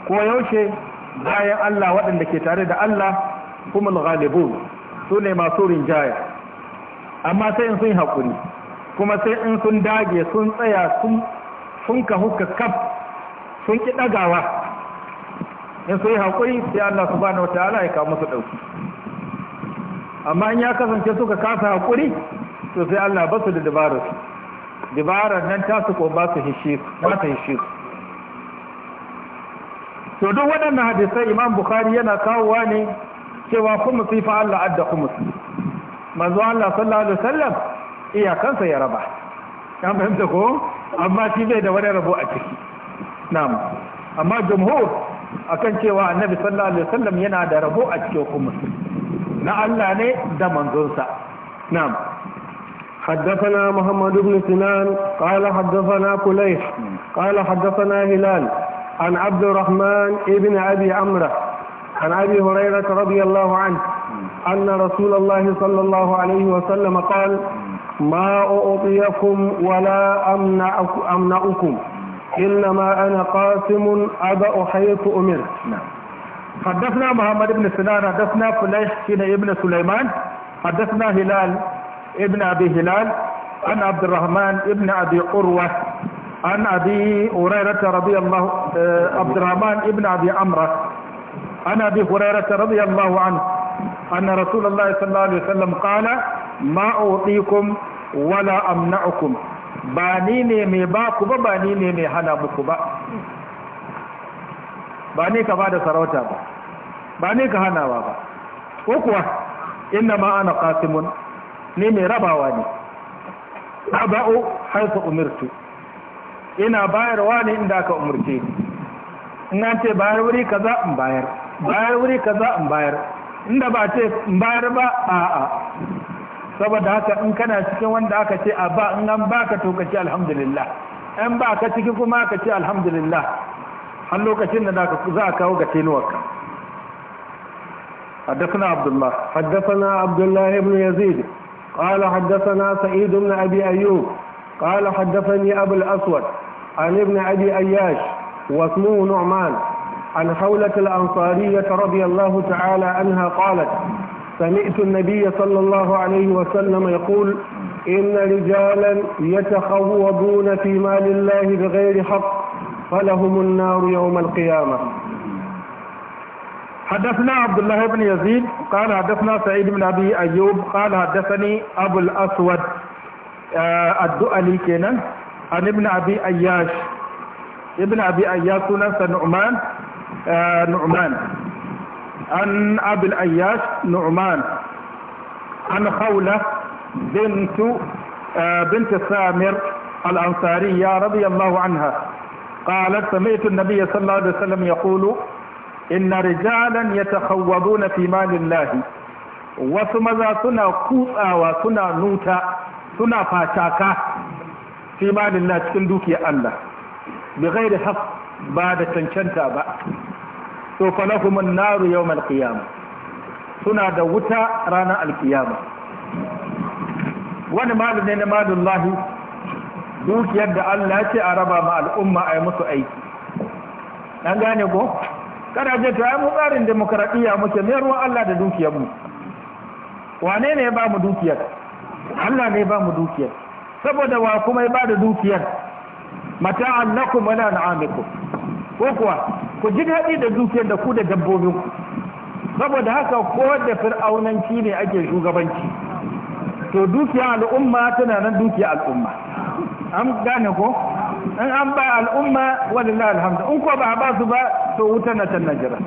ko yaushe bayan Allah waɗanda ke tare da Allah kuma ghalibun su ne masu rinjaya amma sai in sun haƙuri kuma sai in sun dage sun tsaya sun sun ka huka kaf sun ki ɗagawa in sun yi haƙuri sai Allah subhanahu wataala ya kawo musu ɗauki amma in ya kasance suka kasa haƙuri to sai Allah ba su da dabarar dabarar nan ta su ko ba su hishe ba ta hishe to duk waɗannan hadisai Imam Bukhari yana kawowa ne cewa kuma sai fa Allah adda kuma manzo Allah sallallahu alaihi wasallam iyakansa ya raba kan fahimta ko amma shi bai da wani rabo a ciki na'am amma jumhur akan cewa annabi sallallahu alaihi wasallam yana da rabo a cikin kuma na Allah ne da manzonsa na'am حدثنا محمد بن سنان قال حدثنا كليح قال حدثنا هلال عن عبد الرحمن ابن أبي عمرة عن أبي هريرة رضي الله عنه أن رسول الله صلى الله عليه وسلم قال ما أعطيكم ولا أمنعكم إنما أنا قاسم أبأ حيث أمرت نعم. حدثنا محمد بن سنان حدثنا كليح بن ابن سليمان حدثنا هلال ابن أبي هلال عن عبد الرحمن ابن أبي قروة عن أبي هريرة رضي الله آه، عبد الرحمن ابن أبي عمرة عن أبي هريرة رضي الله عنه أن رسول الله صلى الله عليه وسلم قال ما أعطيكم ولا أمنعكم بانيني مي باكو mai مي هانا ba ba ni ne mai hana muku ba ba با ka انما انا sarauta ne mai rabawa ne aba'u haifa umirtu ina bayarwa ne inda aka umurce ni ina ce bayar wuri ka za in bayar bayar wuri ka za in bayar inda ba ce in bayar ba a'a saboda haka in kana cikin wanda aka ce a ba in an baka to kace alhamdulillah an ka ciki kuma ka ce alhamdulillah har lokacin da za a kawo ga tenuwarka حدثنا عبد الله حدثنا عبد الله بن يزيد قال حدثنا سعيد بن أبي أيوب قال حدثني أبو الأسود عن ابن أبي أياش واسمه نعمان عن حولة الأنصارية رضي الله تعالى عنها قالت سمعت النبي صلى الله عليه وسلم يقول إن رجالا يتخوضون في مال الله بغير حق فلهم النار يوم القيامة حدثنا عبد الله بن يزيد قال حدثنا سعيد بن أبي أيوب قال حدثني أبو الأسود آه، الدؤلي كينا عن ابن أبي أياش ابن أبي أياش نفس نعمان آه، نعمان عن أبي الأياش نعمان عن خولة بنت آه، بنت سامر الأنصارية رضي الله عنها قالت سمعت النبي صلى الله عليه وسلم يقول inna rijalan yatakhawwaduna fi malillahi wasu maza suna kutsawa suna nuta suna fataka fi malillah cikin dukiyar Allah bi ghairi haqq ba da cancanta ba to falahum an-nar yawm al-qiyamah suna da wuta ranar alkiyama wani malin ne na malullahi dukiyar da Allah ce a raba ma al'umma a yi musu aiki an gane ko kana je to ai mu tsarin demokradiya muke ne ruwan Allah da dukiyar mu wane ne ya ba mu dukiyar Allah ne ya ba mu dukiyar saboda wa kuma ya ba da dukiyar mata'an lakum wala la'amikum ko kuwa ku ji daɗi da dukiyar da ku da dabbobin ku saboda haka ko da fir'aunanci ne ake shugabanci to dukiya al'umma tana nan dukiya al'umma an gane ko in an ba al'umma walillahi alhamdu in ko ba a ba su ba to wuta na can najira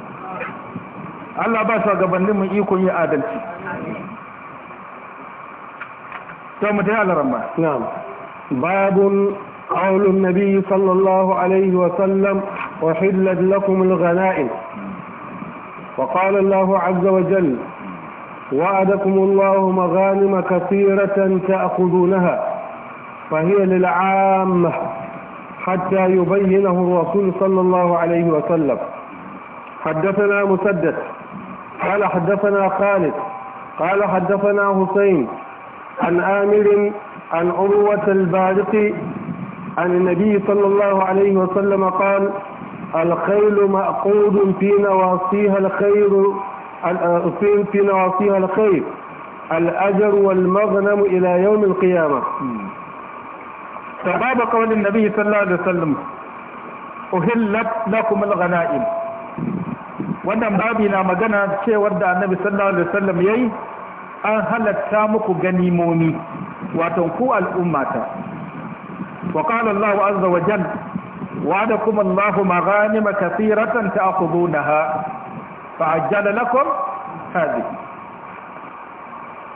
Allah ba su gabanin mu ikon yi adalci to mu ta halaran ba na'am babun قول النبي صلى الله عليه وسلم وحلت لكم الغنائم وقال الله عز وجل وعدكم الله مغانم كثيرة تأخذونها فهي للعامة حتى يبينه الرسول صلى الله عليه وسلم حدثنا مسدد قال حدثنا خالد قال حدثنا حسين عن آمر عن عروة البارق عن النبي صلى الله عليه وسلم قال الخيل مأقود في نواصيها الخير في نواصيها الخير الأجر والمغنم إلى يوم القيامة sababa kawalin nabi sallallahu alaihi wasallam uhillat lakum al-ghanaim wannan babi na magana cewar da annabi sallallahu alaihi wasallam yayi an halatta muku ganimomi wato ku al'ummata wa qala Allah azza wa jalla wa'adakum Allah maghanim kathiratan ta'khudunaha fa'ajjala lakum hadhihi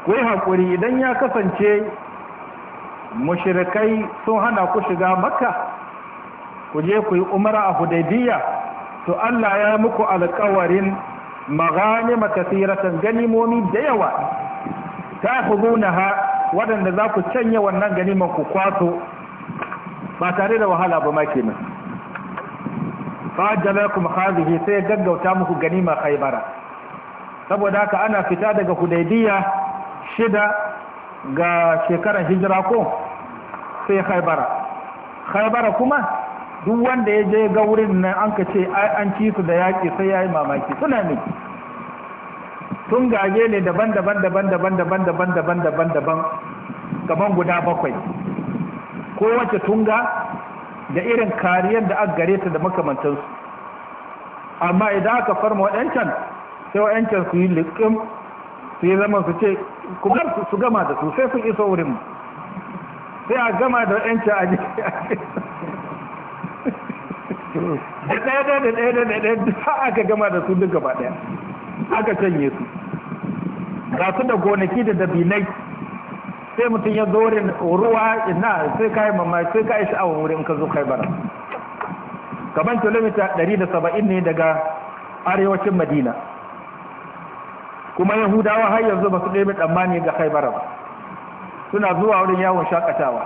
ku yi hakuri idan ya kasance Mushirikai sun hana ku shiga makka ku je ku yi umara a hudaybiya to Allah ya muku alƙawarin maghanima makasiratan ganimomi da yawa ta hudunaha waɗanda za ku canye wannan ganiman ku kwato ba tare da wahala ba ma kenan fa'ajjala kuma hadhihi sai gaggauta muku ganima khaybara saboda haka ana fita daga hudaybiya shida ga shekarar hijira ko sai haibara haibara kuma duk wanda ya je ga wurin nan an ka ce an ci su da yaƙi sai ya yi mamaki suna ne sun gaje ne daban daban daban daban daban daban daban daban daban gaban guda bakwai kowace tunga da irin kariyar da aka gare ta da makamantansu amma idan aka farma waɗancan sai waɗancan su yi liƙin su yi zaman su ce kuma su gama da su sai sun iso wurin mu sai a gama da yanci a ji da ɗaya da ɗaya da ɗaya da aka gama da su duk gaba ɗaya aka canye su ga su da gonaki da dabinai sai mutum ya zo wurin ruwa ina sai kai mamma sai kai sha'awar wurin ka zo kai bara kamar kilomita 170 ne daga arewacin madina kuma yahudawa har yanzu ba su ɗaya tsammani ga kai bara ba suna zuwa wurin yawon shakatawa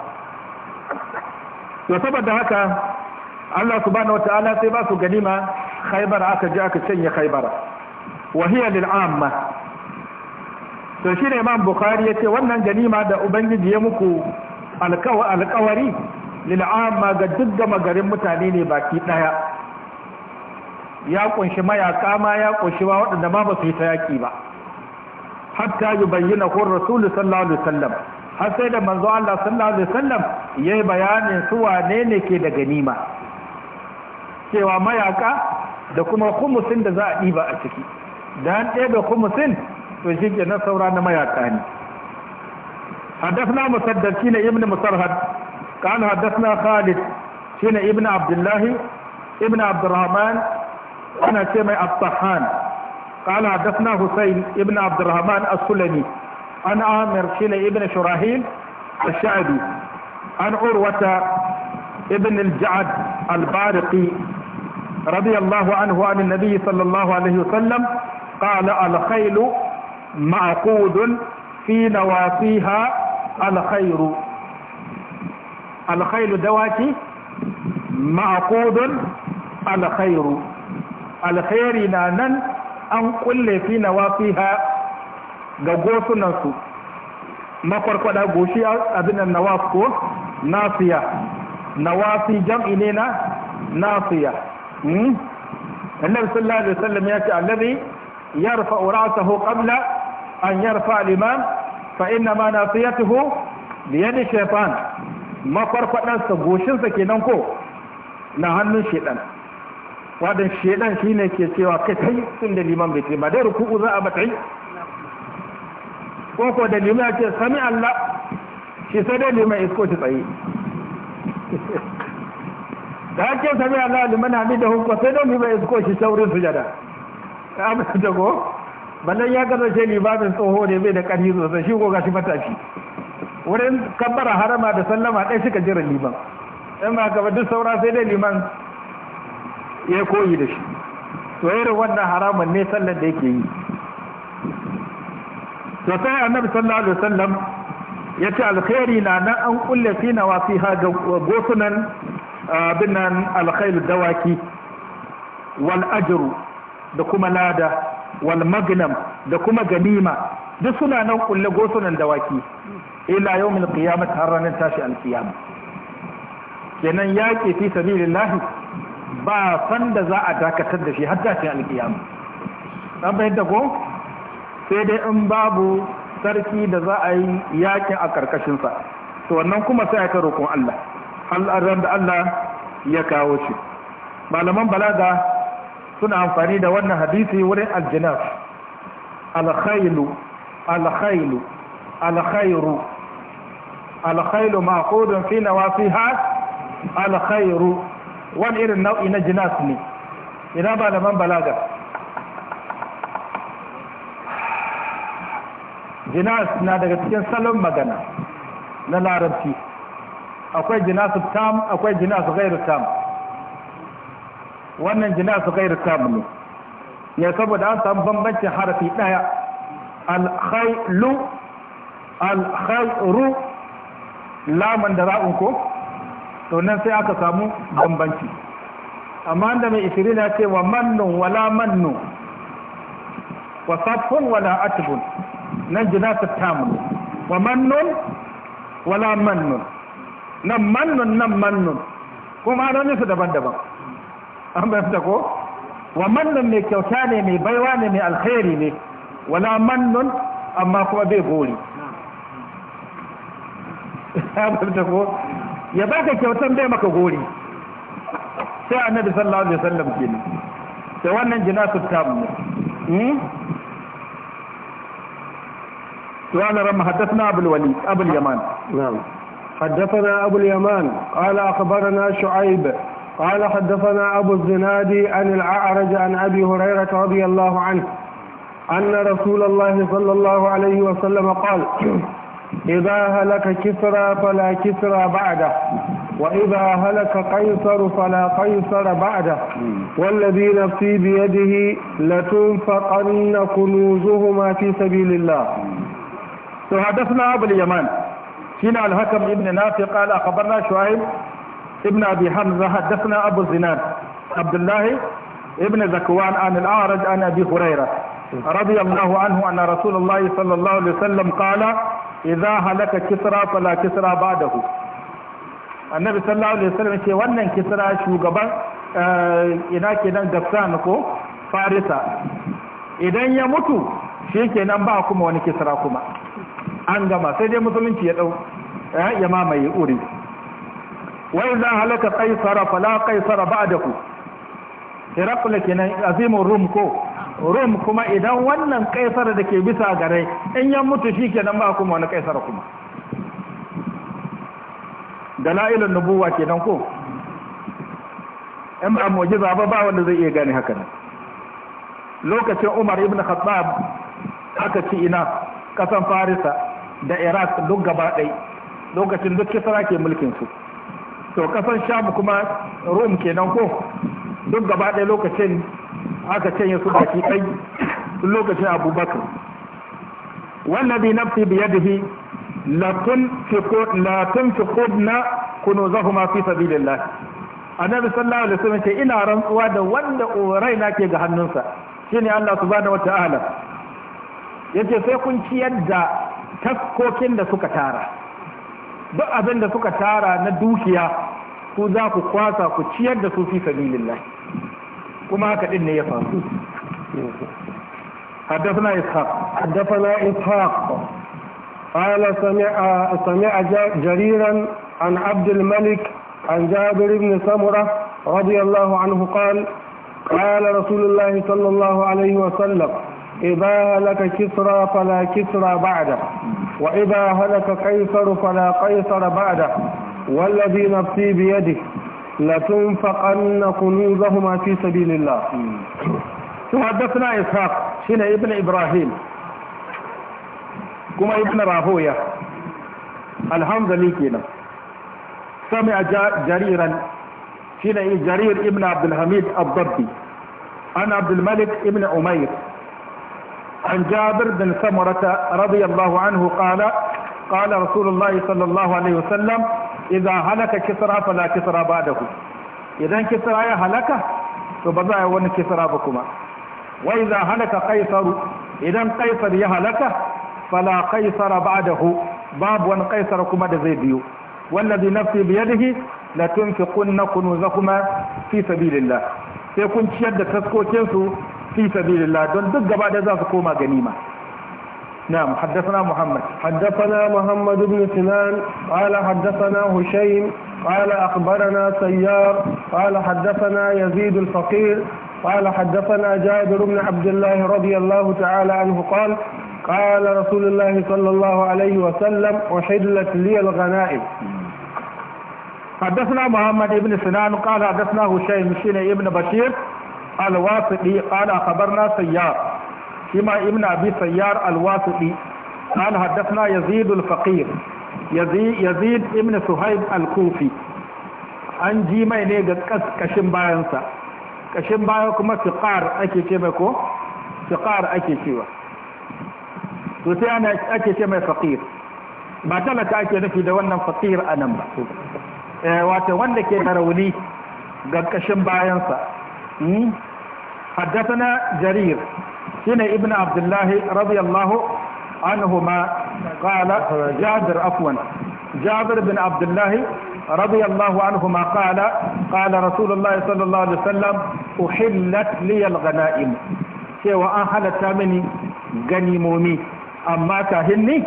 to saboda haka Allah subhanahu wata'ala sai ba su ganima khaybar aka ji aka canye khaybar wa hiya lil amma to ne Imam Bukhari yace wannan ganima da ubangiji ya muku alkawari lil amma ga duk gama garin mutane ne baki ɗaya. ya ƙunshi mayaka ma ya ƙunshi ba waɗanda ma ba su yi ta yaƙi ba hatta yi bayyana ko rasulu sallallahu alaihi wasallam har sai da manzo Allah sallallahu alaihi wasallam yayi bayanin su wane ne ke da ganima cewa mayaka da kuma kumusin da za a diba a ciki da an da kumusin to shi na saura na mayaka ne حدثنا مسدد شين ابن مسرهد قال حدثنا خالد شين ابن عبد الله ابن عبد الرحمن أنا شيمي الطحان قال حدثنا حسين ابن عبد الرحمن السلمي عن عامر شلي ابن شراهيل الشعبي عن عروة ابن الجعد البارقي رضي الله عنه عن النبي صلى الله عليه وسلم قال الخيل معقود في نواصيها الخير الخيل دواتي معقود الخير الخير نانا أن كل في نواصيها ga gosunansu makwarkwada goshi abinan nawaf ko nasiya nawafi jam'i ne na nasiya hmm? annan sallallahu alaihi wasallam ya ce allazi yarfa ho qabla an ya rufa liman, fa inna ma nasiyatuhu bi yadi shaytan makwarkwadansa goshinsa kenan ko na hannun shaytan wadan shaytan shine ke cewa kai tun da liman bai ce ba dai ruku'u za a batai ko ko da lima ce sami Allah shi sai dai lima isko shi tsaye da ake sami Allah liman da hukwa sai dai lima isko shi su sujada ta amince da ko ballan ya kasance limamin tsoho ne mai da ƙarfi sosai shi ko shi matashi wurin kabbara harama da sallama ɗaya suka jira liman in ba ka duk saura sai dai liman ya koyi da shi to irin wannan haramun ne sallar da yake yi to sai annabi sallallahu alaihi wasallam ya ce alkhairi na nan an kulle fi na wafi ha gosunan bin nan alkhair dawaki wal ajru da kuma lada wal magnam da kuma ganima duk suna nan kulle gosunan dawaki ila yawmil qiyamah har ranar tashi alkiyama kenan yaƙi fi sabilillah ba san da za a dakatar da shi har tashi alkiyama an bayyana ko sai dai in babu sarki da za a yi yakin a ƙarƙashinsa, to wannan kuma sai ka roƙon Allah al'adar da Allah ya kawo shi malaman balaga suna amfani da wannan hadisi wurin aljinaf alkhailu alkhailu alkhairu alkhailu ma'qudun fi nawasiha alkhairu wani irin nau'i na jinas ne ina malaman balaga jinas na daga cikin salon magana na larabci akwai jinas tam akwai jinas gairu tam wannan jinas gairu tam ne ya saboda an samu bambancin harafi daya alkhailu alkhairu laman da ra'un ko to nan sai aka samu bambanci amma da mai isiri na ce wa mannun wala mannu wa safun wala atbun nan jinasa mun wa mannun wala mannun nan mannun nan mannun kuma anoninsu daban-daban an bayyanta ko wa mannun mai kyauta ne mai baiwa ne mai alkhairi ne wala mannun amma kuma bai gori ya ka kyautan bai maka gori sai annabi sallallahu alaihi wasallam kenan sai wannan jinasut tamu ne hmm? قال رم حدثنا أبو الوليد أبو اليمان نعم حدثنا أبو اليمان قال أخبرنا شعيب قال حدثنا أبو الزناد عن الأعرج عن أبي هريرة رضي الله عنه أن رسول الله صلى الله عليه وسلم قال إذا هلك كسرى فلا كسرى بعده وإذا هلك قيصر فلا قيصر بعده والذي نفسي بيده لتنفقن كنوزهما في سبيل الله to hadathna abul yaman shine al-hakam ibn nafi qala akhbarna shuaib ibn abi hamza hadathna abu zinad abdullah ibn zakwan an al-a'raj an abi hurairah رضي الله عنه أن رسول الله صلى الله عليه وسلم قال إذا هلك كسرى فلا كسرى بعده النبي صلى wannan kisra shugaban ina kenan gafsan ko farisa idan ya mutu shi kenan ba kuma wani kisra kuma an gama sai dai musulunci ya dau eh, ya mamaye uri wa idza halaka fa la qaisar ba'daku hirakula kenan azimin rum ko rum kuma idan wannan qaisar da ke bisa gare in ya mutu shi kenan ba kuma wani qaisar kuma dalailun nubuwa kenan ko in ba mu'jiza ba ba wanda zai iya gane haka lokacin Umar ibn Khattab aka ci ina kasan Farisa da iraq duk gaba ɗai lokacin duk kisra ke mulkin su to kasar sham kuma rom kenan ko duk gaba ɗaya lokacin aka canye su baki ɗai tun lokacin abubakar wannan bi nafsi biyadihi la tunfiqudna kunuzahuma fi sabilillah annabi sallallahu alaihi wasallam ce ina rantsuwa da wanda na ke ga hannunsa shine Allah subhanahu wataala yace sai kun ciyar da taskokin da suka tara duk abin da suka tara na dukiya ku za ku kwasa ku ciyar da su fi sabilillah kuma haka din ne ya faru حدثنا إسحاق حدثنا إسحاق قال سمع سمع جريرا عن عبد الملك عن جابر بن سمرة رضي الله عنه قال قال رسول الله صلى الله عليه وسلم إذا لك كسرى فلا كسرى بعده وإذا هلك قيصر فلا قيصر بعده والذي نفسي بيده لتنفقن كنوزهما في سبيل الله تحدثنا إسحاق شنا ابن إبراهيم كما ابن راهوية الحمد لله سمع جريرا شنا إيه؟ جرير ابن عبد الحميد الضبي عن عبد الملك ابن عمير عن جابر بن سمرة رضي الله عنه قال قال رسول الله صلى الله عليه وسلم إذا هلك كسرى فلا كسرى بعده إذا كسرى هلك فبضع ون كسرى بكما وإذا هلك قيصر إذا قيصر يهلك فلا قيصر بعده باب ون قيصر كما دزيبيو والذي نفسي بيده لتنفقن كنوزكما في سبيل الله سيكون تشد تسكوكينسو في سبيل الله دون gaba بعد ذلك كوما koma نعم حدثنا محمد حدثنا محمد بن سنان قال حدثنا هشيم قال أخبرنا سيار قال حدثنا يزيد الفقير قال حدثنا جابر بن عبد الله رضي الله تعالى عنه قال قال رسول الله صلى الله عليه وسلم أحلت لي الغنائم حدثنا محمد بن سنان قال حدثنا هشيم بن بشير الواسطي قال أخبرنا سيار كما ابن أبي سيار الواسطي قال حدثنا يزيد الفقير Yazid يزيد ابن سهيب الكوفي an ji mai ne ga kashin bayansa kashin baya kuma fiƙar ake ce mai ko fiƙar ake cewa to sai ana ake ce mai faƙir ba talaka ake nufi da wannan faƙir a nan ba eh, wata wanda ke da rauni ga kashin bayansa hmm? حدثنا جرير سنة ابن عبد الله رضي الله عنهما قال جابر عفوا جابر بن عبد الله رضي الله عنهما قال قال رسول الله صلى الله عليه وسلم أحلت لي الغنائم cewa an halatta mini ganimomi amma kahin ni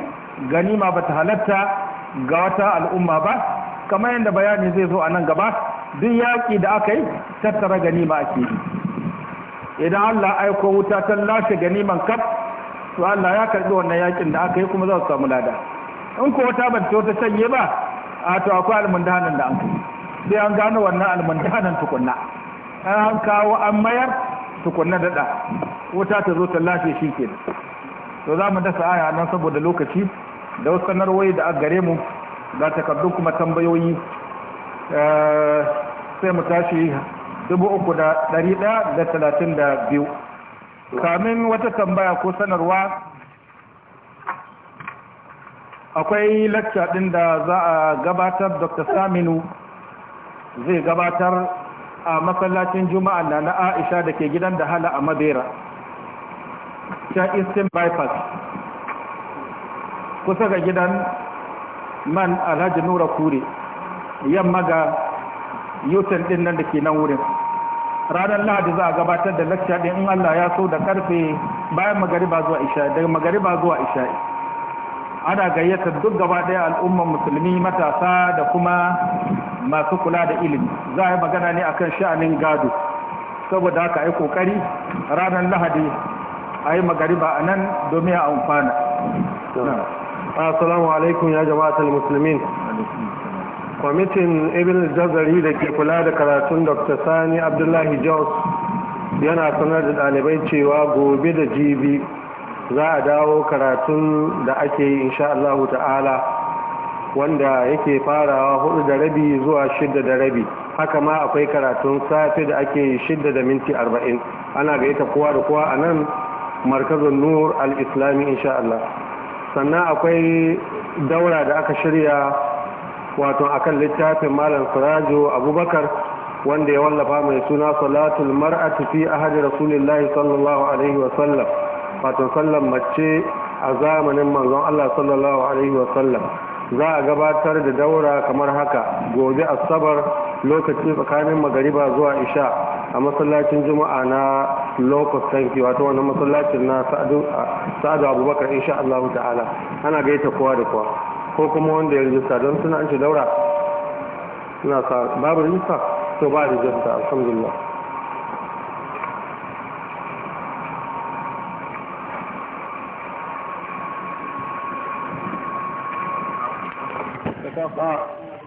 ganima ba ta halatta ga wata al'umma ba kamar yadda bayani zai zo a nan gaba duk yaƙi da aka yi tattara ganima ake yi idan Allah aiko wuta ta lashe ganiman kaf to Allah ya karbi wannan yakin da aka yi kuma za su samu lada in ko wata ban to ta sanye ba a to akwai almundanan da an kai sai an gano wannan almundanan tukunna an kawo an mayar tukunna da. wuta ta zo ta lashe shi da. to za mu dasa aya nan saboda lokaci da wasu sanarwoyi da a gare mu ga takardun kuma tambayoyi eh, sai mu tashi dubu da ɗari ɗaya da talatin da biyu kamin wata tambaya ko sanarwa akwai lacca ɗin da za a gabatar dr saminu zai gabatar a masallacin juma'a na na aisha da ke gidan da hala a mabera ta eastern bypass kusa ga gidan man alhaji nura kure yamma ga yutan ɗin nan da ke nan wurin ranar lahadi za a gabatar da lakca ɗin in Allah ya so da karfe bayan magariba zuwa isha'i daga magariba zuwa isha'i ana gayyata duk gaba ɗaya al'ummar musulmi matasa da kuma masu kula da ilimi za a yi magana ne akan sha'anin gado saboda haka yi kokari ranar lahadi a yi magariba a nan domin a amfana assalamu alaikum ya jama'atul musulmin kwamitin ibn jazari da ke kula da karatun dr sani abdullahi jos yana sanar da ɗalibai cewa gobe da jibi za a dawo karatun da ake yi insha allahu ta'ala wanda yake farawa hudu da rabi zuwa shidda da rabi haka ma akwai karatun safe da ake yi shidda da minti arba'in ana ga ita kowa da kowa a nan markazin nur al-islami insha allah sannan akwai daura da aka shirya wato akan littafin malam sirajo abubakar wanda ya wallafa mai suna salatul mar'ati fi ahadi rasulillahi sallallahu alaihi wa sallam wato sallan mace a zamanin manzon Allah sallallahu alaihi wa sallam za a gabatar da daura kamar haka gobe asabar lokaci tsakanin magariba zuwa isha a masallacin juma'a na locust tanki wato wannan masallacin na sa'adu abubakar insha Allah ta'ala ana gaita kowa da kowa ko kuma wanda ya rijista don suna an ce daura suna sa babu rijista to ba rijista alhamdulillah